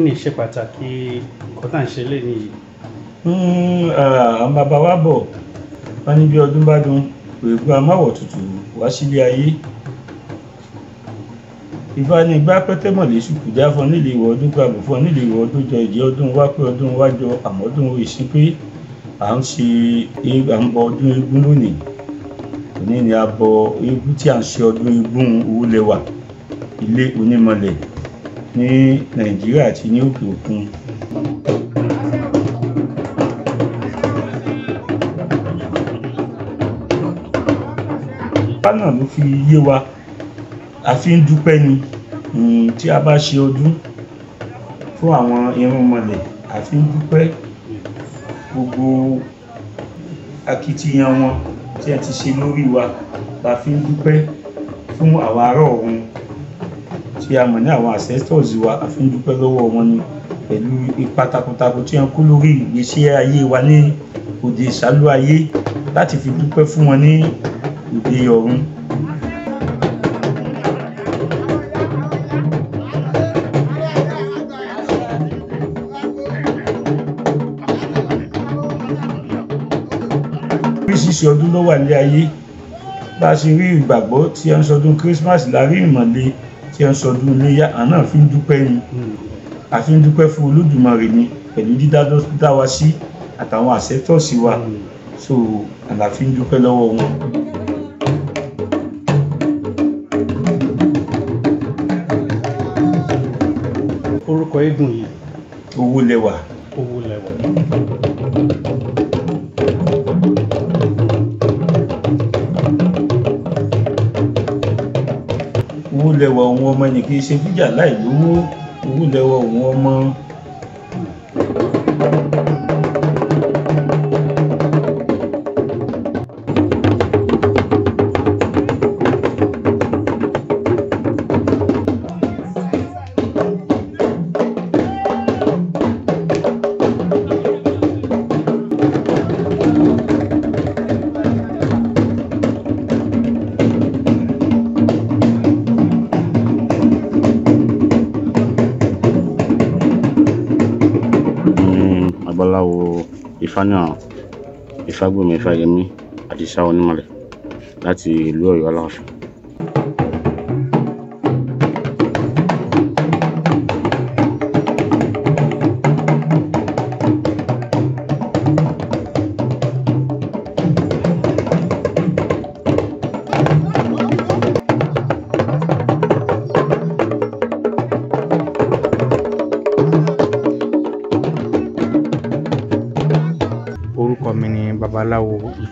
ni ìṣe pàtàkì nǹkan tá à ń ṣe lẹ́nu yìí. Hmm, àwọn bàbá wa bọ̀ wá ní bí ọdún bá dún òògùn amáwọ̀ tutù wá sílé ayé ìbánigbá pẹ́tẹ́mọ̀lé ṣùkùjá fún nílé ìwọ̀ ọdún gbàgbó fún nílé ìwọ̀ ọdún jọ ìdí ọdún wá pé ọdún wá jọ àmọ́dún ìsìn pé à ń ṣe à ń bọ ọdún eégún lónìí òní ni a bọ eégún tí à ń ṣe ọdún eégún owó lẹwà ilé onímọ̀lẹ̀ ní nàìjíríà àti ní òkè òkun. báńà ló fi yé wa a fi ń dúpẹ́ ni mm, tí a bá ṣe ọdún fún àwọn irúnmọlẹ̀ a fi ń dúpẹ́ gbogbo akitiyan wọn tí a ti ṣe lórí wa la fi ń dúpẹ́ fún àwa ará ọ̀run pé a mọ̀ ní àwọn ancestors wa a fi ń dúpẹ́ lọ́wọ́ wọn ni pẹ̀lú ipa takuntakun tí wọ́n kó lórí ìgbésí ayé wa ní òde ìsálú ayé láti fi dúpẹ́ fún wọn ní òde ọ̀run. oríṣiríṣi ọdún ló wà ní ayé bá a ṣe rí ìgbàgbọ́ tí a ń sọdún Christmas la rí ìmọ̀le tí wọ́n sọdún iléyà àná fi ń dúpẹ́ ni àfi ń dúpẹ́ fún olódùmarè ni pẹ̀lú dídá wa sí àtàwọn àṣetọ́sí wa so àlàfi ń dúpẹ́ lọ́wọ́ wọn. orúkọ eégún yìí. owó lẹwà. owó lẹwà. lẹwà òun ọmọ ni kì í ṣe fíjà láì lówó owó lẹwà òun ọmọ. thank you babaláwo ifáníhàn ìfágbèmí ifáyẹmí àti ṣáá onímọlẹ láti ìlú ọyọ aláàfin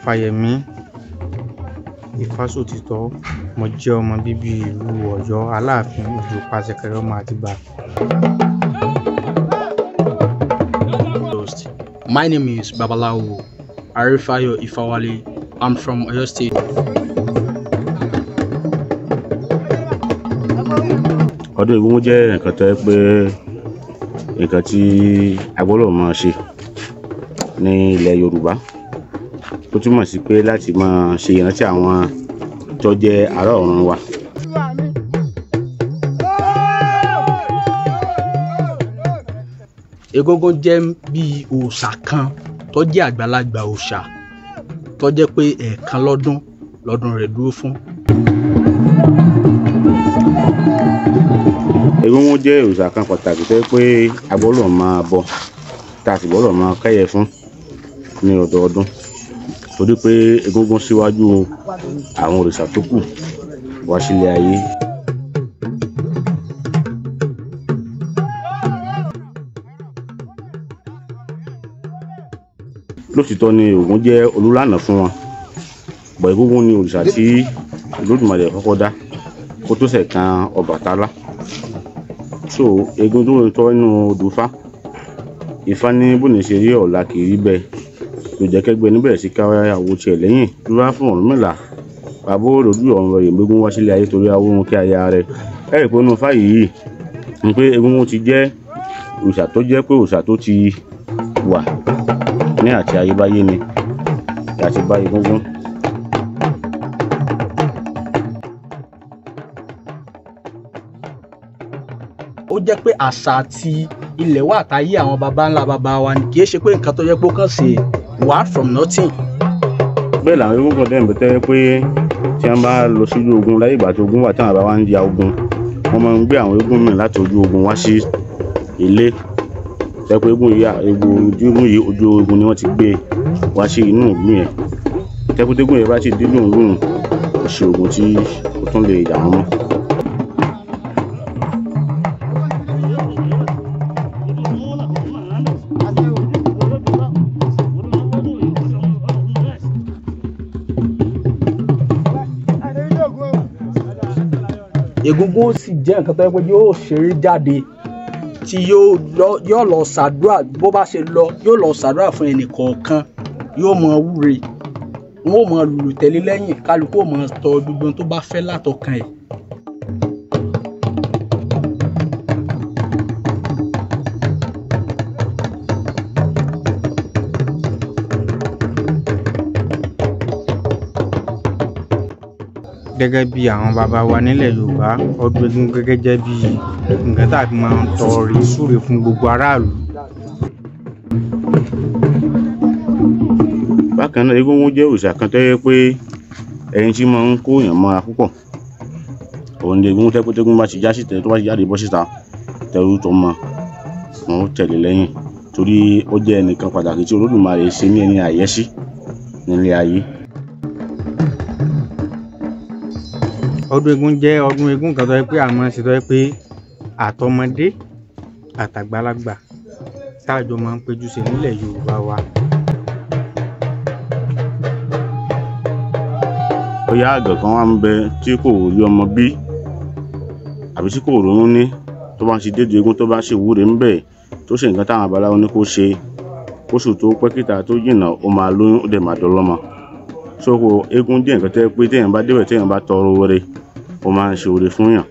fáyemí ìfásòtítọ́ mo jẹ́ ọmọ bíbí ìlú ọ̀yọ́ aláàfin òjòpá ṣẹkẹrẹ ọmọ àtìgbà. My name is Babalawo Arifayo Ifawale. I'm from Oyo State. ọdún egúngún jẹ́ nǹkan tó yẹ pé nǹkan tí a máa ṣe ní ilẹ̀ Yorùbá tó túmọ̀ sí pé láti máa ṣe ìrántí àwọn tó jẹ́ ará ọ̀run wa. Egúngún jẹ́ bíi òòṣà kan tó jẹ́ àgbàlagbà òòṣà tó jẹ́ pé ẹ̀ẹ̀kan lọ́dún lọ́dún rẹ̀ dúró fún. Egúngún jẹ́ òòṣà kan pàtàkì tó jẹ́ pé a máa bọ tá a sì gbọ́dọ̀ máa kẹ́yẹ fún ní ọdọọdún torí pé egungun síwájú àwọn òrìṣà tó kù wá sílé ayé. lótìtọ́ ni Ògún jẹ́ olùlànà fún wọn bọ̀ egungun ni òrìṣà tí Olódùmarè kọ́kọ́ dá kó tó ṣe kan Ọbàtálá so egungun tó ń tọ́ inú odò Ifá Ifá ní bóni ṣe rí ọ̀la kì í rí bẹ́ẹ̀ ló jẹ́ kẹ́gbẹ́ níbẹ̀ sí káwáyàwó tiẹ̀ lẹ́yìn dúró fún ọ̀rún mẹ́la bàbá òròdú ọ̀run rẹ̀ ìgbégún wá sílé ayé torí awóhun kí aya rẹ̀ ẹ̀ rí pé inú fáyì yìí ni pé egungun ti jẹ́ òòṣà tó jẹ́ pé òòṣà tó ti wà ní àti ayébáyé ni àti bá egungun. ó jẹ́ pé àṣà àti ilẹ̀ wà táyé àwọn baba ńlá baba wa ni kì í ṣe pé nǹkan tó yẹ pé ó kàn ṣe é wá from nothing. bẹ́ẹ̀ làwọn eégún kan bẹ́tẹ́ pé tí wọ́n bá lọ sójú ogun láyé ìgbà tó ogun wà tí àwọn bàbá wa ń ja ogun wọ́n máa ń gbé àwọn eégún mìíràn láti ojú ogun wá sí ilé tẹ́pẹ́ eégún yìí eégún yìí ojú ogun ni wọ́n ti gbé wá sí inú ìlú yẹn tẹ́pẹ́ eégún yẹn bá ti dín lóhùn lóhùn tí ó tún lè dà wọ́n mọ́. Egungun sì jẹ́ nǹkan tó yẹ pé yóò ṣeré jáde tí yóò lọ ṣàdúrà bó bá ṣe lọ yóò lọ ṣàdúrà fún ẹnì kọ̀ọ̀kan yóò mọ wúre wọn ò mọ lùlù tẹ̀lé lẹ́yìn kálukú ò mọ tọ gbogbo tó bá fẹ́ látọkàn ẹ̀ gẹ́gẹ́ bí àwọn bàbá wa nílẹ̀ Yorùbá ọdún eégún gẹ́gẹ́ jẹ́ bí nǹkan tá a fi máa ń tọrẹ súre fún gbogbo aráàlú. bákan náà egungun jẹ́ òòṣà kan tó yẹ pé ẹni tí máa ń kó èèyàn mọ́ra púpọ̀ òun ni egungun tẹ́gbẹ́tẹ́gbẹ́ bá ti já síta tó bá ti jáde bọ́ síta tẹ̀rù tó mọ wọn ó tẹ̀lé lẹ́yìn torí ó jẹ́ ẹnìkan pàtàkì tí Olódùmarè ṣe ní ẹni àyẹ́sí nílé ayé. ọdún eégún jẹ́ ọdún eégún kan tó yẹ pé àmọ́ ṣe tó yẹ pé àtọmọdé àtàgbàlagbà táàjọ máa ń péjú ṣe nílẹ̀ Yorùbá wa. bóyá àgbẹ̀ kan wá ń bẹ tí kò rí ọmọ bí àbí tí kò ronú ní tó bá ń ṣe dédé eégún tó bá ṣe ìwúre ń bẹ̀ tó ṣe nǹkan táwọn babaláwo ní kó ṣe kóṣù tó pẹ́ kíta tó jìnnà ó máa lóyún ó dẹ̀ máa dọ́lọ́mọ sóko eégún díẹ̀ nǹkan tẹ́ pé téèyàn bá débẹ̀ téèyàn bá tọrọ wẹrẹ ó máa ń ṣe oore fún yàn.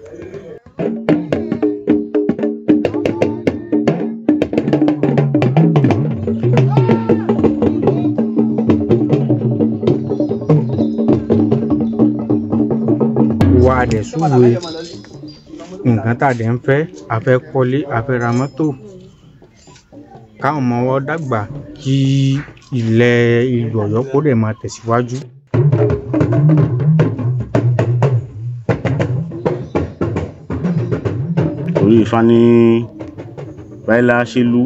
wà á dẹ̀ súwe nǹkan tá a dẹ̀ ń fẹ́ a fẹ́ kọ́lé a ra mọ́tò káwọn ọmọ wa dàgbà kí ilẹ̀ ìlú Ọ̀yọ́ kó dẹ̀ máa tẹ̀síwájú. thank you orí ifá ní báíláṣẹlú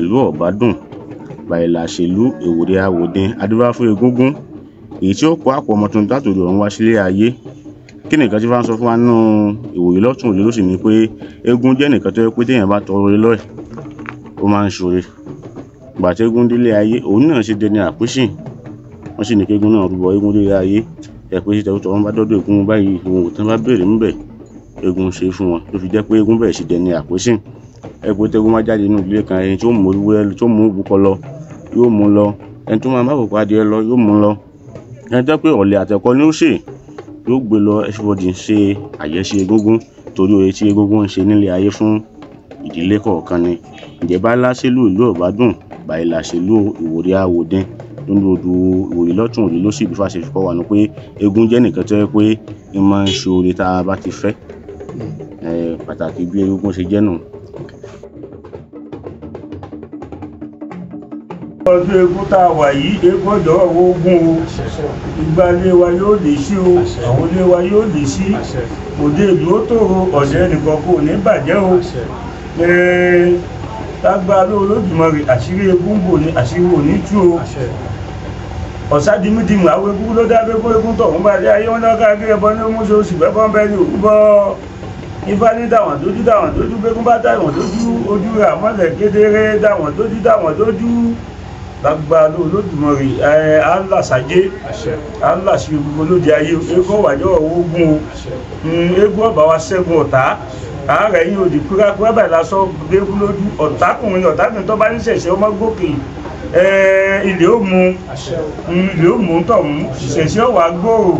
ìlú ọbàdàn báíláṣẹlú èwòrè àwòdin adúbá fún egúngún èyí tí ó kó àpò ọmọ tuntun látòdì ọ̀run wá sílé ayé kí nìkan tí wọn sọ fún wa nínú ìwòye lọtún òde lọsì ni pé eégún jẹ́ nìkan tó yẹ pé téèyàn bá tọrọ rẹ lọrẹ ó máa ń ṣòre ìgbà tí eégún délé ayé òun náà ṣe dẹni àpínsìn wọn sì ní kí eégún náà rúbọ eégún délé ayé ẹ pé ṣe tẹwọ tọrọ ń bá dọdọ eégún báyìí òun ò tán bá béèrè ńbẹ eégún ṣe fún wọn ló fi jẹ́ pé eégún bẹ̀rẹ̀ sí dẹni àpèsìn ẹgbẹ́ tẹ́gún má jáde inú ilé kan ẹni tí ó mú olúwẹ́ tí ó mú òbúkọ lọ yóò mú lọ ẹni tó máa má kókó adìẹ lọ yóò mú lọ ẹni tó pé ọ̀lẹ àtẹ̀kọ ni ó ṣe yóò gbé lọ everybody ṣe àyẹ́sí egúngún torí oye tí egúngún ń ṣe nílé ayé fún ìdílé kọ̀ọ̀kan ni ìjẹ̀bá láṣẹ́lú ìlú ọ̀bádùn báyìí láṣẹ́lú ìwòrí àwòdín lóńdòdò ìwòye lọ́tún òní ló sì bí fáṣe fi kọ́ wa ni pé eégún jẹ́ nìkan tó yẹ pé ń máa ń ṣe oore tá a bá ti fẹ́ pàtàkì bí egungun ṣe jẹ́ nù. ọdún egun tá a wà yìí egun ọjọ́ owó gún o ìgbà ilé wa yóò lè ṣí o àwọn ilé wa yóò lè ṣí òde ìlú ó tòrò ọ̀sẹ̀ nìkan kò ní bàjẹ́ o lágbára lóòlódùmarè àṣírí egun bò ní àṣírí òní tú o ọ̀sádìmídìmù àwọn egun ló dá gbégbó egun tọ̀hún bá dé ayé wọn lọ́ọ́ káàkiri ẹbọ ní oúnjẹ oṣù bẹ́ẹ̀ kọ́ bẹ́ẹ̀ ni òkú bọ́ ifá ní dàwọn dójú dàwọn dójú gbégún bá dàwọn dójú ojú rà mọ́lẹ̀ kedere dàwọn dójú dàwọn dójú lágbàdo olódùmarè ẹ alásàjé aláṣẹ gbogbo lóde ayé eégún ọwàjọ ogun hmm, eégún ọba wa ṣẹ́gun ọ̀tá ààrẹ yìí òdì kúrákúrá báyìí lásán gbégún lójú ọ̀tákùnrin ọ̀tákùnrin tó bá ní ṣẹ̀ṣẹ̀ ọmọ gòkè ilé ó mu ilé ó mu tọ̀hún ìṣẹ̀ṣẹ̀ wà gbòòrò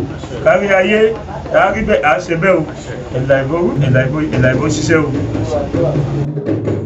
kárí ayé àárí bẹ́ẹ̀ àṣẹ bẹ́ẹ̀ o ẹ̀là ìbò ṣiṣẹ́ o.